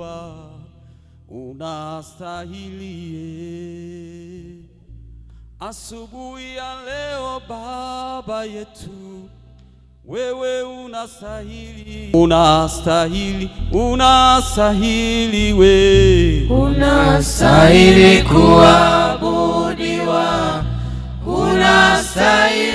uliozaliwa unastahilie. Asubuhi ya leo Baba yetu, wewe unastahili, unastahili, unastahili, we unastahili kuabudiwa, unastahili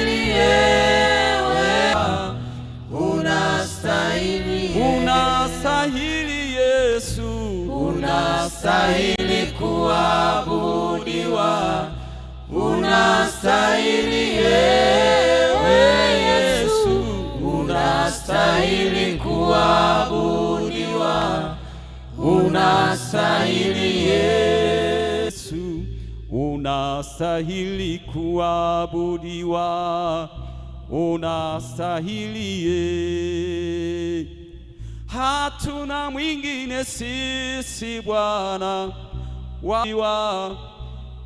unastahili kuabudiwa, unastahili ewe Yesu, unastahili kuabudiwa, unastahili Yesu, unastahili kuabudiwa, unastahili Yesu hatuna mwingine sisi Bwana wawa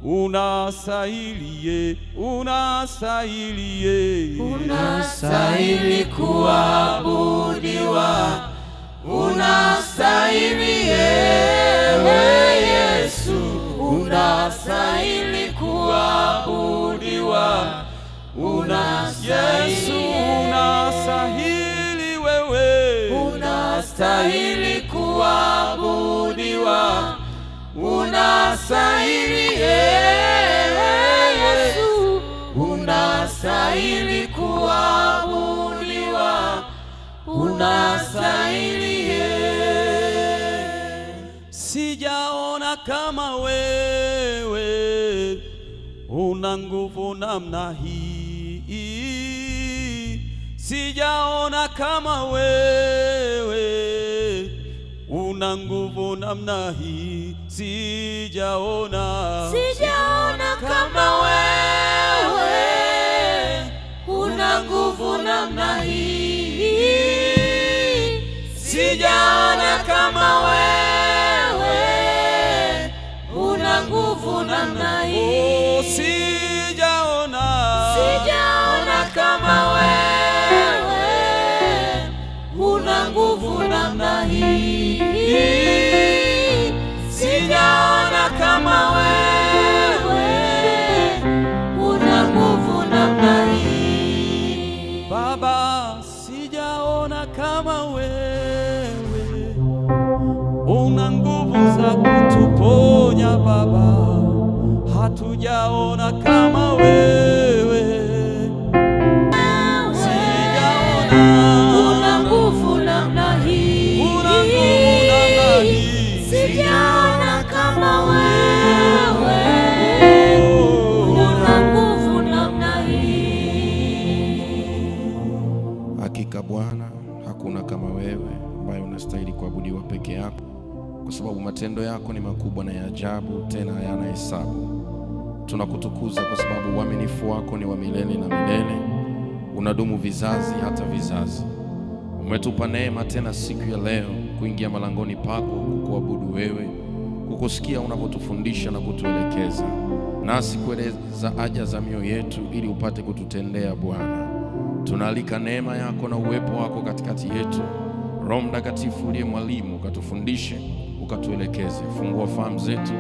unasahilie unasahilie unastahili kuabudiwa unastahili we Yesu unastahili kuabudiwa unastahili Yesu unastahili wewe unastahili kuabudiwa, unastahili Yesu, unastahili kuabudiwa, unastahili sijaona kama wewe una nguvu namna hii sijaona kama wewe una nguvu namna hii, sijaona sijaona kama wewe una nguvu namna hii, sijaona kama wewe una nguvu namna hii. Bwana, hakuna kama wewe ambaye unastahili kuabudiwa peke yako, kwa sababu matendo yako ni makubwa na ya ajabu, tena hayana hesabu. Tunakutukuza kwa sababu uaminifu wako ni wa milele na milele, unadumu vizazi hata vizazi. Umetupa neema tena siku ya leo kuingia malangoni pako kukuabudu wewe, kukusikia unapotufundisha na kutuelekeza, nasi kueleza haja za mioyo yetu ili upate kututendea Bwana tunaalika neema yako na uwepo wako katikati yetu. Roho Mtakatifu uliye mwalimu, ukatufundishe, ukatuelekeze, fungua fahamu zetu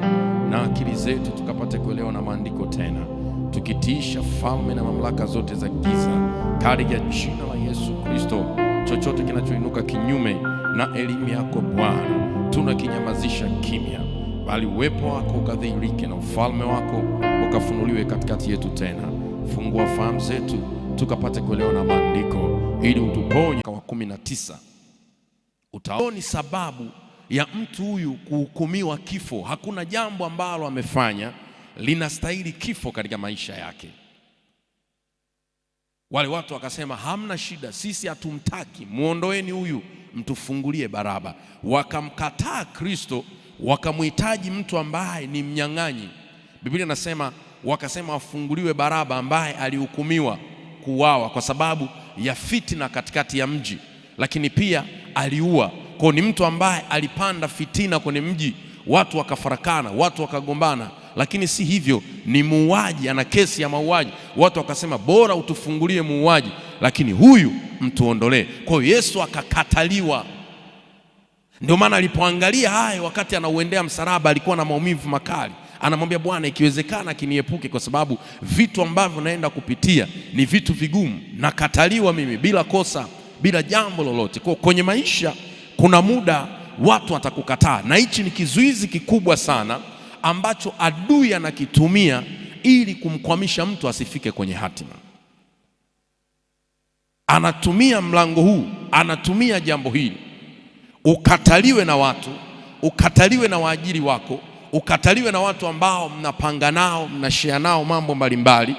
na akili zetu, tukapate kuelewa na maandiko tena, tukitiisha falme na mamlaka zote za giza kari ya jina la Yesu Kristo. Chochote kinachoinuka kinyume na elimu yako Bwana, tunakinyamazisha kimya, bali uwepo wako ukadhihirike na ufalme wako ukafunuliwe katikati yetu tena. Fungua fahamu zetu tukapate kuelewa na maandiko ili utuponye kwa kumi na tisa. Utaoni sababu ya mtu huyu kuhukumiwa kifo. Hakuna jambo ambalo amefanya linastahili kifo katika maisha yake. Wale watu wakasema, hamna shida, sisi hatumtaki, muondoeni huyu, mtufungulie Baraba. Wakamkataa Kristo, wakamhitaji mtu ambaye ni mnyang'anyi. Biblia inasema wakasema wafunguliwe Baraba ambaye alihukumiwa kuuawa kwa sababu ya fitina katikati ya mji, lakini pia aliua. Kwa ni mtu ambaye alipanda fitina kwenye mji, watu wakafarakana, watu wakagombana. Lakini si hivyo, ni muuaji, ana kesi ya mauaji. Watu wakasema bora utufungulie muuaji, lakini huyu mtuondolee. Kwa hiyo Yesu akakataliwa. Ndio maana alipoangalia haya wakati anauendea msalaba alikuwa na maumivu makali anamwambia Bwana, ikiwezekana kiniepuke, kwa sababu vitu ambavyo naenda kupitia ni vitu vigumu, nakataliwa mimi bila kosa, bila jambo lolote. Kwa kwenye maisha kuna muda watu watakukataa, na hichi ni kizuizi kikubwa sana ambacho adui anakitumia ili kumkwamisha mtu asifike kwenye hatima. Anatumia mlango huu, anatumia jambo hili, ukataliwe na watu, ukataliwe na waajiri wako ukataliwe na watu ambao mnapanga nao mnashia nao mambo mbalimbali,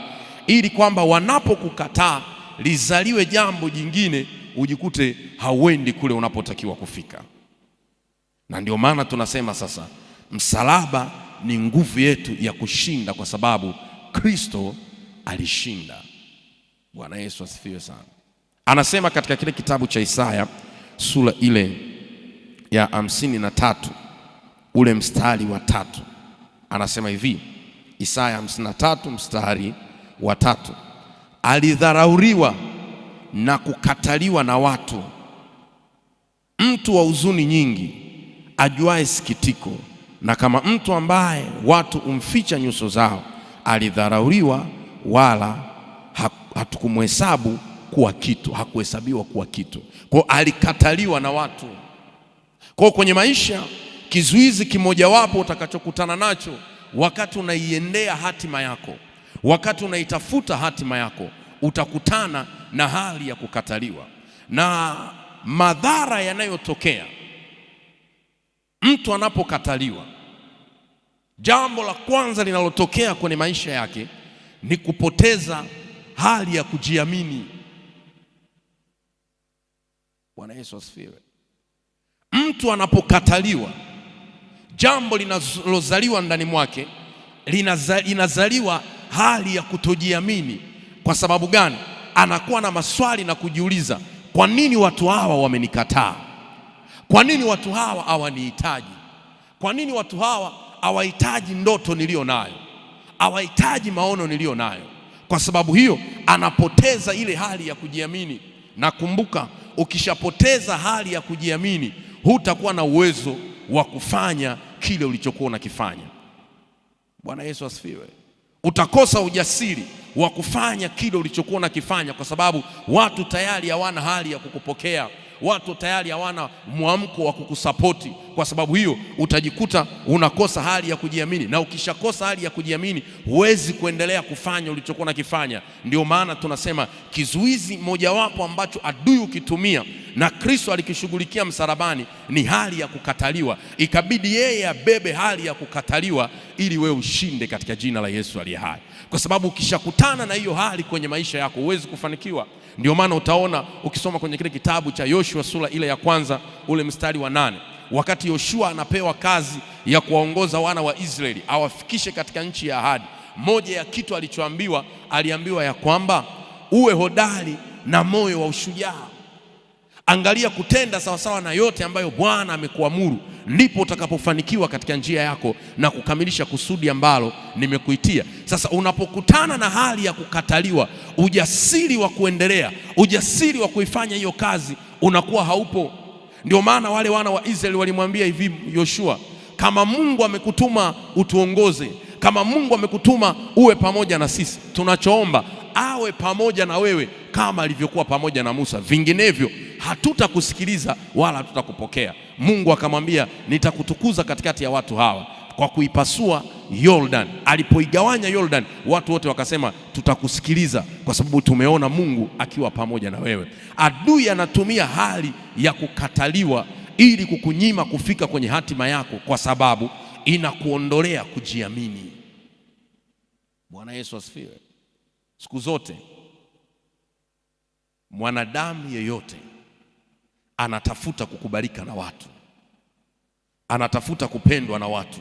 ili kwamba wanapokukataa lizaliwe jambo jingine, ujikute hauendi kule unapotakiwa kufika. Na ndio maana tunasema sasa msalaba ni nguvu yetu ya kushinda, kwa sababu Kristo alishinda. Bwana Yesu asifiwe sana. Anasema katika kile kitabu cha Isaya sura ile ya hamsini na tatu ule mstari wa tatu anasema hivi Isaya 53 mstari wa tatu alidharauriwa na kukataliwa na watu, mtu wa huzuni nyingi, ajuae sikitiko, na kama mtu ambaye watu umficha nyuso zao. Alidharauriwa wala hatukumhesabu kuwa kitu, hakuhesabiwa kuwa kitu. Kwa alikataliwa na watu. Kwa kwenye maisha Kizuizi kimojawapo utakachokutana nacho wakati unaiendea hatima yako, wakati unaitafuta hatima yako, utakutana na hali ya kukataliwa na madhara yanayotokea mtu anapokataliwa. Jambo la kwanza linalotokea kwenye maisha yake ni kupoteza hali ya kujiamini. Bwana Yesu asifiwe. Mtu anapokataliwa jambo linalozaliwa ndani mwake linazaliwa hali ya kutojiamini. Kwa sababu gani? Anakuwa na maswali na kujiuliza, kwa nini watu hawa wamenikataa? Kwa nini watu hawa hawanihitaji? Kwa nini watu hawa hawahitaji ndoto niliyo nayo, hawahitaji maono niliyo nayo? Kwa sababu hiyo anapoteza ile hali ya kujiamini. Na kumbuka, ukishapoteza hali ya kujiamini hutakuwa na uwezo wa kufanya kile ulichokuwa unakifanya. Bwana Yesu asifiwe. Utakosa ujasiri wa kufanya kile ulichokuwa unakifanya kwa sababu watu tayari hawana hali ya kukupokea watu tayari hawana mwamko wa kukusapoti. Kwa sababu hiyo utajikuta unakosa hali ya kujiamini, na ukishakosa hali ya kujiamini huwezi kuendelea kufanya ulichokuwa unakifanya. Ndio maana tunasema kizuizi mojawapo ambacho adui ukitumia na Kristo alikishughulikia msalabani ni hali ya kukataliwa, ikabidi yeye abebe hali ya kukataliwa ili wewe ushinde katika jina la Yesu aliye hai, kwa sababu ukishakutana na hiyo hali kwenye maisha yako huwezi kufanikiwa. Ndio maana utaona ukisoma kwenye kile kitabu cha Yoshua sura ile ya kwanza ule mstari wa nane wakati Yoshua anapewa kazi ya kuwaongoza wana wa Israeli awafikishe katika nchi ya ahadi, moja ya kitu alichoambiwa, aliambiwa ya kwamba uwe hodari na moyo wa ushujaa, angalia kutenda sawasawa na yote ambayo Bwana amekuamuru, ndipo utakapofanikiwa katika njia yako na kukamilisha kusudi ambalo nimekuitia. Sasa unapokutana na hali ya kukataliwa, ujasiri wa kuendelea, ujasiri wa kuifanya hiyo kazi unakuwa haupo. Ndio maana wale wana wa Israeli walimwambia hivi Yoshua, kama Mungu amekutuma utuongoze, kama Mungu amekutuma uwe pamoja na sisi, tunachoomba awe pamoja na wewe kama alivyokuwa pamoja na Musa, vinginevyo hatutakusikiliza wala hatutakupokea. Mungu akamwambia, nitakutukuza katikati ya watu hawa kwa kuipasua Yordan. Alipoigawanya Yordan, watu wote wakasema tutakusikiliza, kwa sababu tumeona Mungu akiwa pamoja na wewe. Adui anatumia hali ya kukataliwa ili kukunyima kufika kwenye hatima yako, kwa sababu inakuondolea kujiamini. Bwana Yesu asifiwe. Siku zote mwanadamu yeyote anatafuta kukubalika na watu, anatafuta kupendwa na watu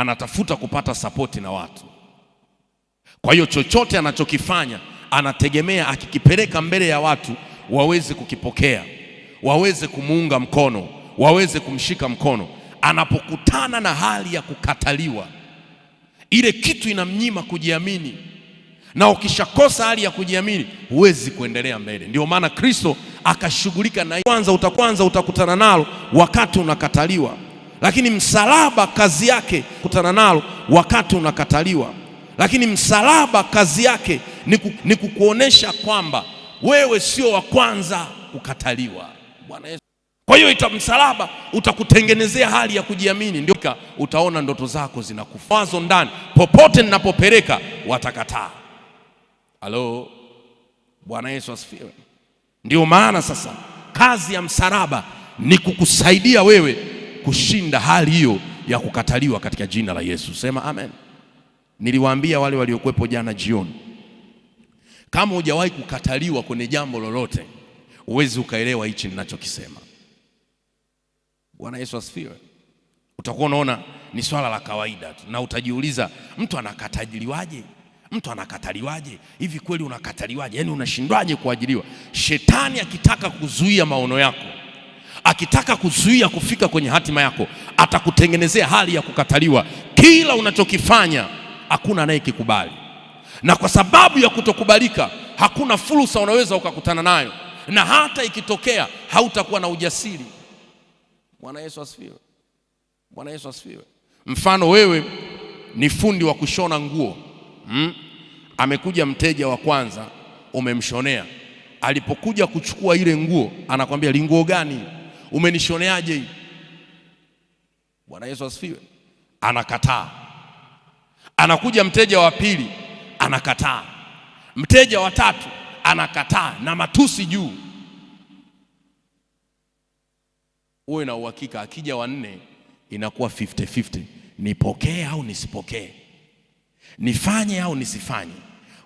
anatafuta kupata sapoti na watu. Kwa hiyo chochote anachokifanya anategemea akikipeleka mbele ya watu waweze kukipokea, waweze kumuunga mkono, waweze kumshika mkono. Anapokutana na hali ya kukataliwa, ile kitu inamnyima kujiamini, na ukishakosa hali ya kujiamini huwezi kuendelea mbele. Ndio maana Kristo akashughulika na kwanza utakwanza utakutana nalo wakati unakataliwa lakini msalaba kazi yake kutana nalo wakati unakataliwa, lakini msalaba kazi yake ni kukuonesha kwamba wewe sio wa kwanza kukataliwa. Bwana Yesu. Kwa hiyo ita msalaba utakutengenezea hali ya kujiamini, ndio utaona ndoto zako zinakufazo ndani, popote ninapopeleka watakataa. Halo, Bwana Yesu asifiwe. Ndio maana sasa kazi ya msalaba ni kukusaidia wewe kushinda hali hiyo ya kukataliwa katika jina la Yesu. Sema amen. Niliwaambia wale waliokuwepo jana jioni, kama hujawahi kukataliwa kwenye jambo lolote, huwezi ukaelewa hichi ninachokisema. Bwana Yesu asifiwe. Utakuwa unaona ni swala la kawaida tu, na utajiuliza mtu anakataliwaje? Mtu anakataliwaje? Hivi kweli unakataliwaje? Yaani unashindwaje kuajiriwa? Shetani akitaka kuzuia maono yako akitaka kuzuia kufika kwenye hatima yako, atakutengenezea hali ya kukataliwa. Kila unachokifanya hakuna anayekikubali, na kwa sababu ya kutokubalika, hakuna fursa unaweza ukakutana nayo, na hata ikitokea hautakuwa na ujasiri. Bwana Yesu asifiwe! Bwana Yesu asifiwe! Mfano, wewe ni fundi wa kushona nguo hmm? Amekuja mteja wa kwanza, umemshonea. Alipokuja kuchukua ile nguo, anakwambia linguo gani? umenishoneaje hii? Bwana Yesu asifiwe. Anakataa. Anakuja mteja wa pili, anakataa. Mteja wa tatu anakataa, na matusi juu. Uwe na uhakika, akija wa nne inakuwa 50 50, nipokee au nisipokee, nifanye au nisifanye.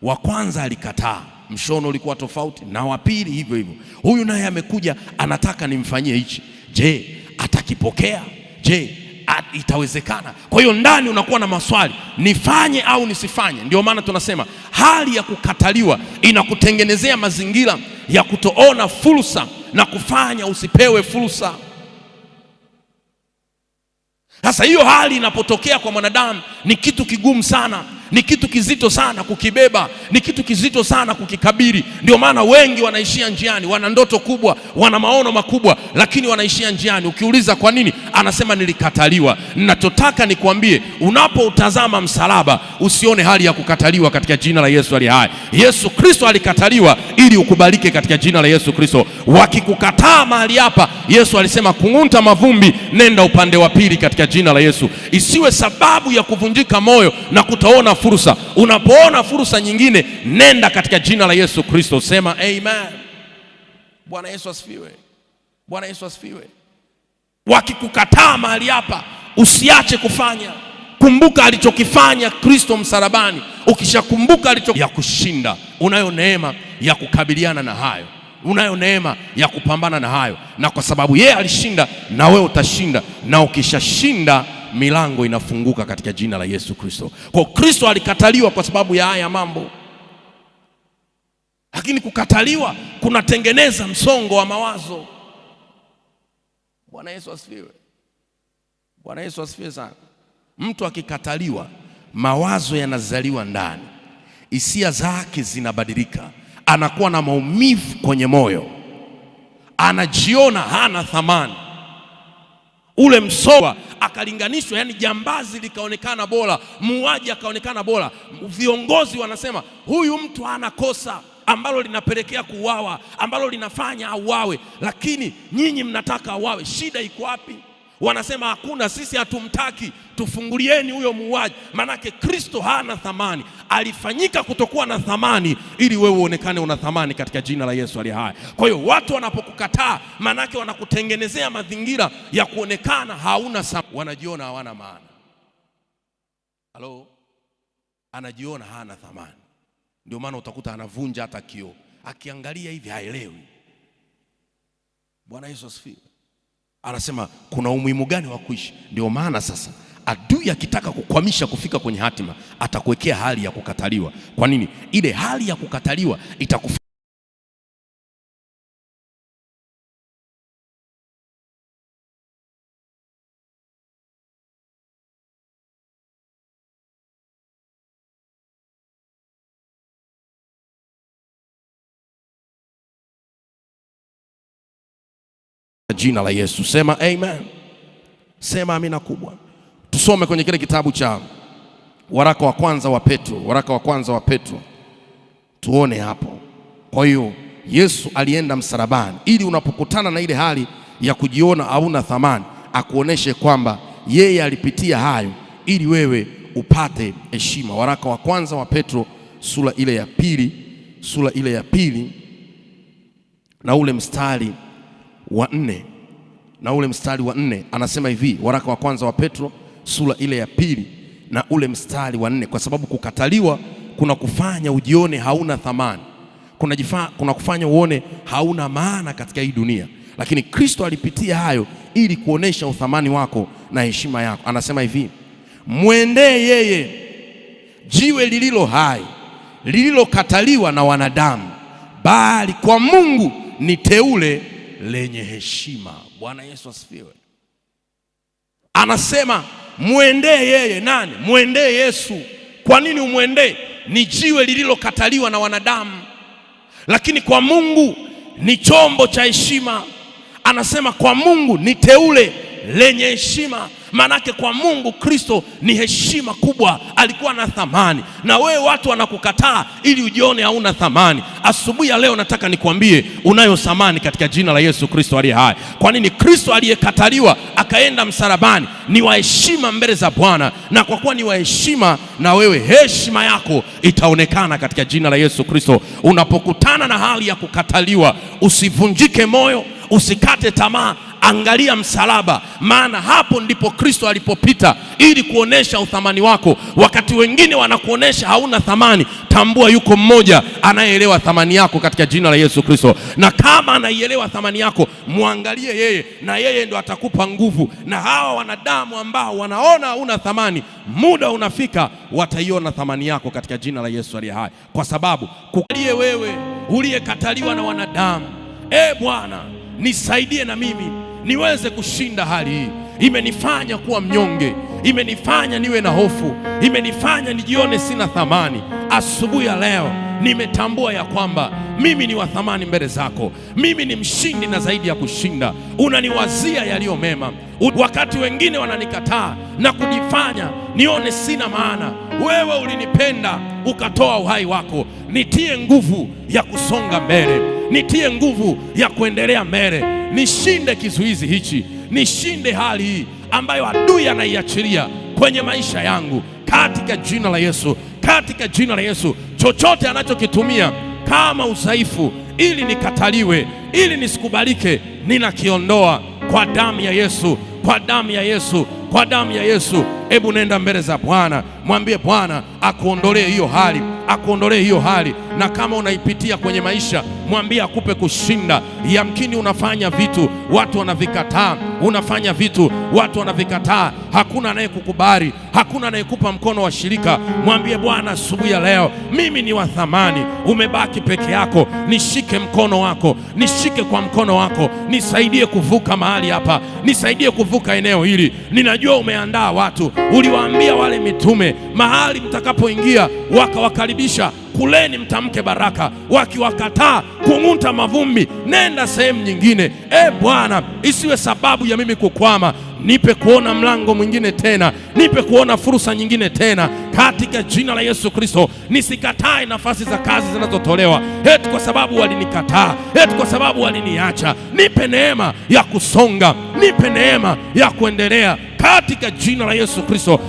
Wa kwanza alikataa mshono ulikuwa tofauti, na wa pili hivyo hivyo. Huyu naye amekuja anataka nimfanyie hichi, je, atakipokea? Je, at, itawezekana? Kwa hiyo ndani unakuwa na maswali, nifanye au nisifanye? Ndio maana tunasema hali ya kukataliwa inakutengenezea mazingira ya kutoona fursa na kufanya usipewe fursa. Sasa hiyo hali inapotokea kwa mwanadamu ni kitu kigumu sana, ni kitu kizito sana kukibeba, ni kitu kizito sana kukikabiri. Ndio maana wengi wanaishia njiani, wana ndoto kubwa, wana maono makubwa, lakini wanaishia njiani. Ukiuliza kwa nini? anasema nilikataliwa. Ninachotaka nikwambie, unapoutazama msalaba usione hali ya kukataliwa katika jina la Yesu aliye hai. Yesu Kristo alikataliwa ili ukubalike katika jina la Yesu Kristo. Wakikukataa mahali hapa, Yesu alisema kung'unta mavumbi, nenda upande wa pili katika jina la Yesu. Isiwe sababu ya kuvunjika moyo na kutoona fursa. Unapoona fursa nyingine, nenda katika jina la Yesu Kristo, sema amen. Bwana Yesu asifiwe. Bwana Yesu asifiwe. Wakikukataa mahali hapa, usiache kufanya. Kumbuka alichokifanya Kristo msalabani. Ukishakumbuka alicho ya kushinda, unayo neema ya kukabiliana na hayo, unayo neema ya kupambana na hayo, na kwa sababu yeye alishinda, na wewe utashinda, na ukishashinda milango inafunguka katika jina la Yesu Kristo. Kwa Kristo alikataliwa kwa sababu ya haya mambo, lakini kukataliwa kunatengeneza msongo wa mawazo. Bwana Yesu asifiwe. Bwana Yesu asifiwe sana. Mtu akikataliwa, mawazo yanazaliwa ndani, hisia zake zinabadilika, anakuwa na maumivu kwenye moyo, anajiona hana thamani. Ule msowa akalinganishwa, yani jambazi likaonekana bora, muuaji akaonekana bora, viongozi wanasema huyu mtu hana kosa ambalo linapelekea kuuawa, ambalo linafanya auawe, lakini nyinyi mnataka auawe. Shida iko wapi? Wanasema hakuna, sisi hatumtaki, tufungulieni huyo muuaji. Maanake Kristo hana thamani, alifanyika kutokuwa na thamani ili wewe uonekane una thamani katika jina la Yesu aliye hai. Kwa hiyo watu wanapokukataa, maanake wanakutengenezea mazingira ya kuonekana hauna, wanajiona hawana maana. Halo, anajiona hana thamani. Ndio maana utakuta anavunja hata kioo, akiangalia hivi haelewi. Bwana Yesu asifiwe. Anasema kuna umuhimu gani wa kuishi? Ndio maana sasa adui akitaka kukwamisha kufika kwenye hatima atakuwekea hali ya kukataliwa. Kwa nini? Ile hali ya kukataliwa itakufanya jina la Yesu. Sema amen, sema amina kubwa. Tusome kwenye kile kitabu cha waraka wa kwanza wa Petro, waraka wa kwanza wa Petro, tuone hapo. Kwa hiyo Yesu alienda msalabani ili unapokutana na ile hali ya kujiona hauna thamani, akuoneshe kwamba yeye alipitia hayo ili wewe upate heshima. Waraka wa kwanza wa Petro sura ile ya pili, sura ile ya pili na ule mstari wa nne na ule mstari wa nne anasema hivi, waraka wa kwanza wa Petro sura ile ya pili na ule mstari wa nne kwa sababu kukataliwa kuna kufanya ujione hauna thamani, kuna, jifa, kuna kufanya uone hauna maana katika hii dunia, lakini Kristo alipitia hayo ili kuonesha uthamani wako na heshima yako. Anasema hivi, mwendee yeye jiwe lililo hai lililokataliwa na wanadamu, bali kwa Mungu ni teule lenye heshima. Bwana Yesu asifiwe. Anasema mwendee yeye. Nani? Mwendee Yesu. Kwa nini umwendee? Ni jiwe lililokataliwa na wanadamu, lakini kwa Mungu ni chombo cha heshima. Anasema kwa Mungu ni teule lenye heshima. Maanake kwa Mungu Kristo ni heshima kubwa, alikuwa na thamani, na wewe watu wanakukataa ili ujione hauna thamani. Asubuhi ya leo nataka nikwambie unayo thamani katika jina la Yesu Kristo aliye hai. Kwa nini? Kristo aliyekataliwa akaenda msalabani ni wa heshima mbele za Bwana, na kwa kuwa ni wa heshima, na wewe heshima yako itaonekana katika jina la Yesu Kristo. Unapokutana na hali ya kukataliwa, usivunjike moyo, usikate tamaa angalia msalaba, maana hapo ndipo Kristo alipopita ili kuonesha uthamani wako. Wakati wengine wanakuonesha hauna thamani, tambua yuko mmoja anayeelewa thamani yako katika jina la Yesu Kristo. Na kama anaielewa thamani yako, mwangalie yeye, na yeye ndo atakupa nguvu. Na hawa wanadamu ambao wanaona hauna thamani, muda unafika wataiona thamani yako katika jina la Yesu aliye hai, kwa sababu kukalie wewe uliyekataliwa na wanadamu, e Bwana nisaidie na mimi niweze kushinda hali hii. Imenifanya kuwa mnyonge, imenifanya niwe na hofu, imenifanya nijione sina thamani. Asubuhi ya leo nimetambua ya kwamba mimi ni wa thamani mbele zako. Mimi ni mshindi na zaidi ya kushinda. Unaniwazia yaliyo mema wakati wengine wananikataa na kujifanya nione sina maana. Wewe ulinipenda ukatoa uhai wako, nitie nguvu ya kusonga mbele nitie nguvu ya kuendelea mbele, nishinde kizuizi hichi, nishinde hali hii ambayo adui anaiachilia kwenye maisha yangu, katika jina la Yesu, katika jina la Yesu. Chochote anachokitumia kama udhaifu ili nikataliwe, ili nisikubalike, ninakiondoa kwa damu ya Yesu, kwa damu ya Yesu, kwa damu ya Yesu. Hebu nenda mbele za Bwana, mwambie Bwana akuondolee hiyo hali akuondolee hiyo hali, na kama unaipitia kwenye maisha, mwambie akupe kushinda. Yamkini unafanya vitu watu wanavikataa, unafanya vitu watu wanavikataa, hakuna anayekukubali, hakuna anayekupa mkono wa shirika. Mwambie Bwana, asubuhi ya leo mimi ni wa thamani, umebaki peke yako, nishike mkono wako, nishike kwa mkono wako, nisaidie kuvuka mahali hapa, nisaidie kuvuka eneo hili. Ninajua umeandaa watu, uliwaambia wale mitume mahali mtakapoingia wakawakali bicha. kuleni mtamke baraka, wakiwakataa kung'uta mavumbi, nenda sehemu nyingine. E Bwana, isiwe sababu ya mimi kukwama. Nipe kuona mlango mwingine tena, nipe kuona fursa nyingine tena, katika jina la Yesu Kristo. Nisikatae nafasi za kazi zinazotolewa eti kwa sababu walinikataa, eti kwa sababu waliniacha. Nipe neema ya kusonga, nipe neema ya kuendelea katika jina la Yesu Kristo.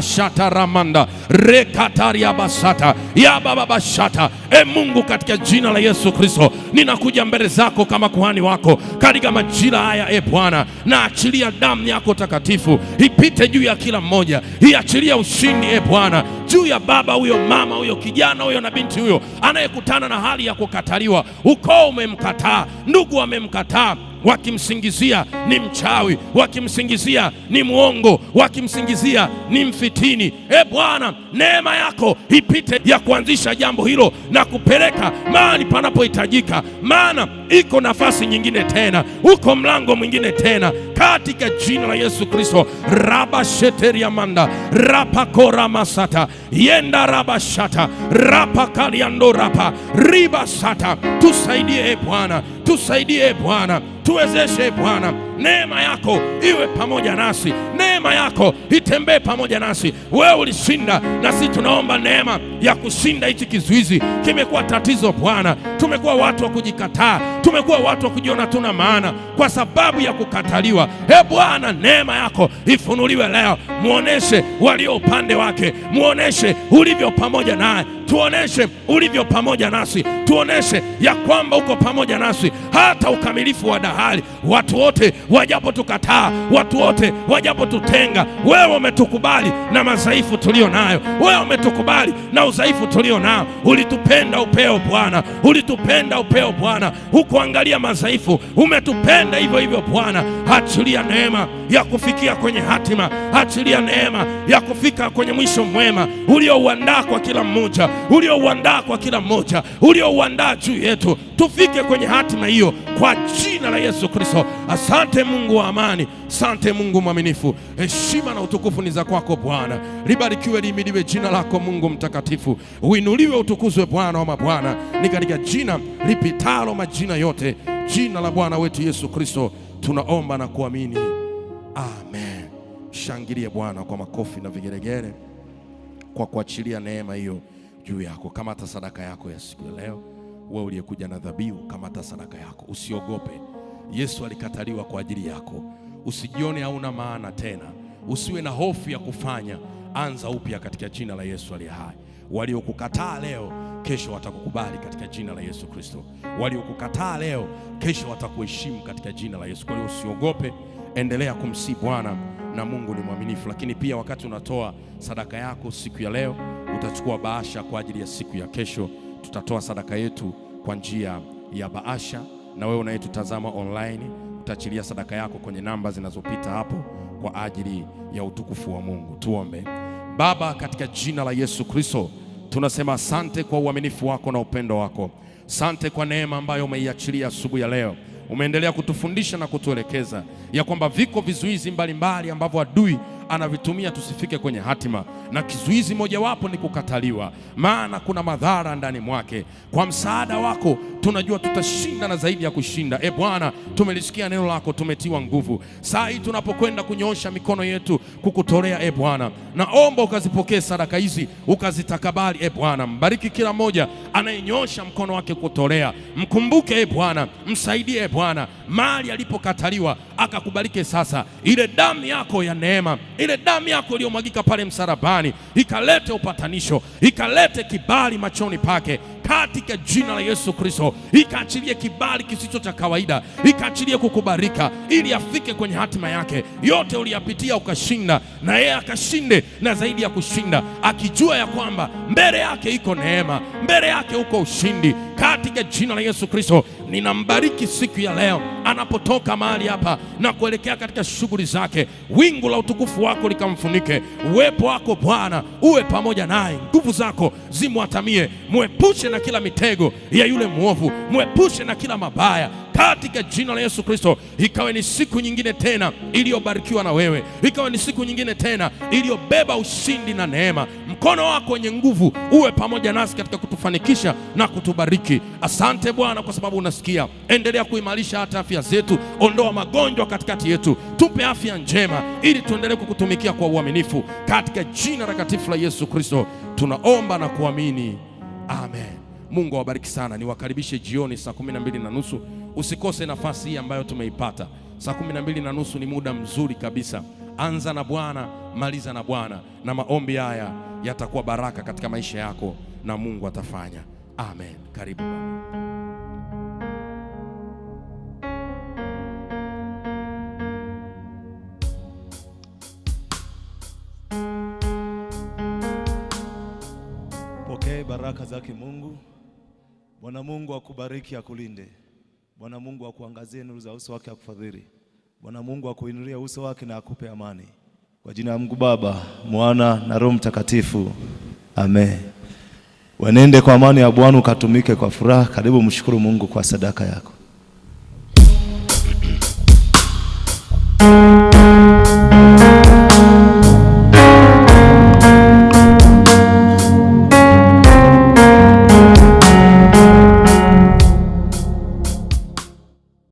shata ramanda rekatariabasata yaba bababashata. E Mungu, katika jina la Yesu Kristo, ninakuja mbele zako kama kuhani wako katika majira haya. E Bwana, naachilia damu yako takatifu ipite juu ya kila mmoja, iachilia ushindi e Bwana juu ya baba huyo, mama huyo, kijana huyo na binti huyo anayekutana na hali ya kukataliwa. Ukoo umemkataa, ndugu amemkataa wakimsingizia ni mchawi, wakimsingizia ni mwongo, wakimsingizia ni mfitini. E Bwana, neema yako ipite ya kuanzisha jambo hilo na kupeleka mahali panapohitajika, maana iko nafasi nyingine tena, uko mlango mwingine tena katika jina la Yesu Kristo. raba sheteria manda rapakora masata yenda raba shata rapa kaliando rapa riba sata. Tusaidie e Bwana, tusaidie e Bwana, tuwezeshe e Bwana, neema yako iwe pamoja nasi, neema yako itembee pamoja nasi. Wewe ulishinda, na sisi tunaomba neema ya kushinda. Hichi kizuizi kimekuwa tatizo Bwana, tumekuwa watu wa kujikataa tumekuwa watu wa kujiona tuna maana kwa sababu ya kukataliwa. E Bwana, neema yako ifunuliwe leo, muoneshe walio upande wake, muoneshe ulivyo pamoja naye, tuoneshe ulivyo pamoja nasi, tuoneshe ya kwamba uko pamoja nasi hata ukamilifu wa dahari. Watu wote wajapotukataa, watu wote wajapotutenga, wewe umetukubali na madhaifu tulio nayo, wewe umetukubali na udhaifu tulio nao. Ulitupenda upeo Bwana, ulitupenda upeo Bwana huko kuangalia madhaifu, umetupenda hivyo hivyo. Bwana, achilia neema ya kufikia kwenye hatima, achilia neema ya kufika kwenye mwisho mwema uliouandaa kwa kila mmoja, uliouandaa kwa kila mmoja, uliouandaa juu yetu tufike kwenye hatima hiyo kwa jina la Yesu Kristo. Asante Mungu wa amani, asante Mungu mwaminifu. Heshima na utukufu ni za kwako Bwana. Libarikiwe limidiwe jina lako Mungu mtakatifu, uinuliwe utukuzwe Bwana wa mabwana, ni katika jina lipitalo majina yote, jina la Bwana wetu Yesu Kristo tunaomba na kuamini, amen. Shangilie Bwana kwa makofi na vigeregere kwa kuachilia neema hiyo juu yako kama hata sadaka yako ya siku ya leo wewe uliyekuja na dhabihu, kamata sadaka yako, usiogope. Yesu alikataliwa kwa ajili yako, usijione hauna maana tena, usiwe na hofu ya kufanya. Anza upya katika jina la Yesu aliye hai. Waliokukataa leo kesho watakukubali katika jina la Yesu Kristo. Waliokukataa leo kesho watakuheshimu katika jina la Yesu. Kwa hiyo usiogope, endelea kumsii Bwana na Mungu ni mwaminifu. Lakini pia wakati unatoa sadaka yako siku ya leo, utachukua bahasha kwa ajili ya siku ya kesho tutatoa sadaka yetu kwa njia ya baasha na wewe unayetutazama online utaachilia sadaka yako kwenye namba zinazopita hapo kwa ajili ya utukufu wa Mungu. Tuombe. Baba, katika jina la Yesu Kristo tunasema asante kwa uaminifu wako na upendo wako. Sante kwa neema ambayo umeiachilia asubuhi ya leo. Umeendelea kutufundisha na kutuelekeza ya kwamba viko vizuizi mbalimbali ambavyo adui anavitumia tusifike kwenye hatima, na kizuizi mojawapo ni kukataliwa, maana kuna madhara ndani mwake. Kwa msaada wako tunajua tutashinda na zaidi ya kushinda. E Bwana, tumelisikia neno lako, tumetiwa nguvu. Saa hii tunapokwenda kunyoosha mikono yetu kukutolea, e Bwana, naomba ukazipokee sadaka hizi, ukazitakabali. E Bwana, mbariki kila mmoja anayenyosha mkono wake kutolea. Mkumbuke e Bwana, msaidie e Bwana, mali alipokataliwa akakubalike sasa, ile damu yako ya neema ile damu yako iliyomwagika pale msalabani ikalete upatanisho, ikalete kibali machoni pake katika jina la Yesu Kristo, ikaachilie kibali kisicho cha kawaida, ikaachilie kukubarika ili afike kwenye hatima yake. Yote uliyapitia ukashinda, na yeye akashinde, na zaidi ya kushinda, akijua ya kwamba mbele yake iko neema, mbele yake uko ushindi, katika jina la Yesu Kristo. Ninambariki siku ya leo anapotoka mahali hapa na kuelekea katika shughuli zake, wingu la utukufu wako likamfunike. Uwepo wako Bwana uwe pamoja naye, nguvu zako zimwatamie, mwepushe na na kila mitego ya yule mwovu, mwepushe na kila mabaya katika jina la Yesu Kristo. Ikawe ni siku nyingine tena iliyobarikiwa na wewe, ikawe ni siku nyingine tena iliyobeba ushindi na neema. Mkono wako wenye nguvu uwe pamoja nasi katika kutufanikisha na kutubariki. Asante Bwana kwa sababu unasikia. Endelea kuimarisha hata afya zetu, ondoa magonjwa katikati yetu, tupe afya njema ili tuendelee kukutumikia kwa uaminifu, katika jina takatifu la Yesu Kristo tunaomba na kuamini, amen. Mungu awabariki sana, niwakaribishe jioni saa kumi na mbili na nusu. Usikose nafasi hii ambayo tumeipata saa kumi na mbili na nusu. Ni muda mzuri kabisa, anza na Bwana, maliza na Bwana, na maombi haya yatakuwa baraka katika maisha yako na Mungu atafanya. Amen. Karibu pokee Baraka zake Mungu. Bwana Mungu akubariki akulinde. Bwana Mungu akuangazie nuru za uso wake akufadhili. Bwana Mungu akuinulie uso wake na akupe amani. Kwa jina la Mungu Baba, Mwana na Roho Mtakatifu, amen. Wenende kwa amani ya Bwana, ukatumike kwa furaha. Karibu mshukuru Mungu kwa sadaka yako.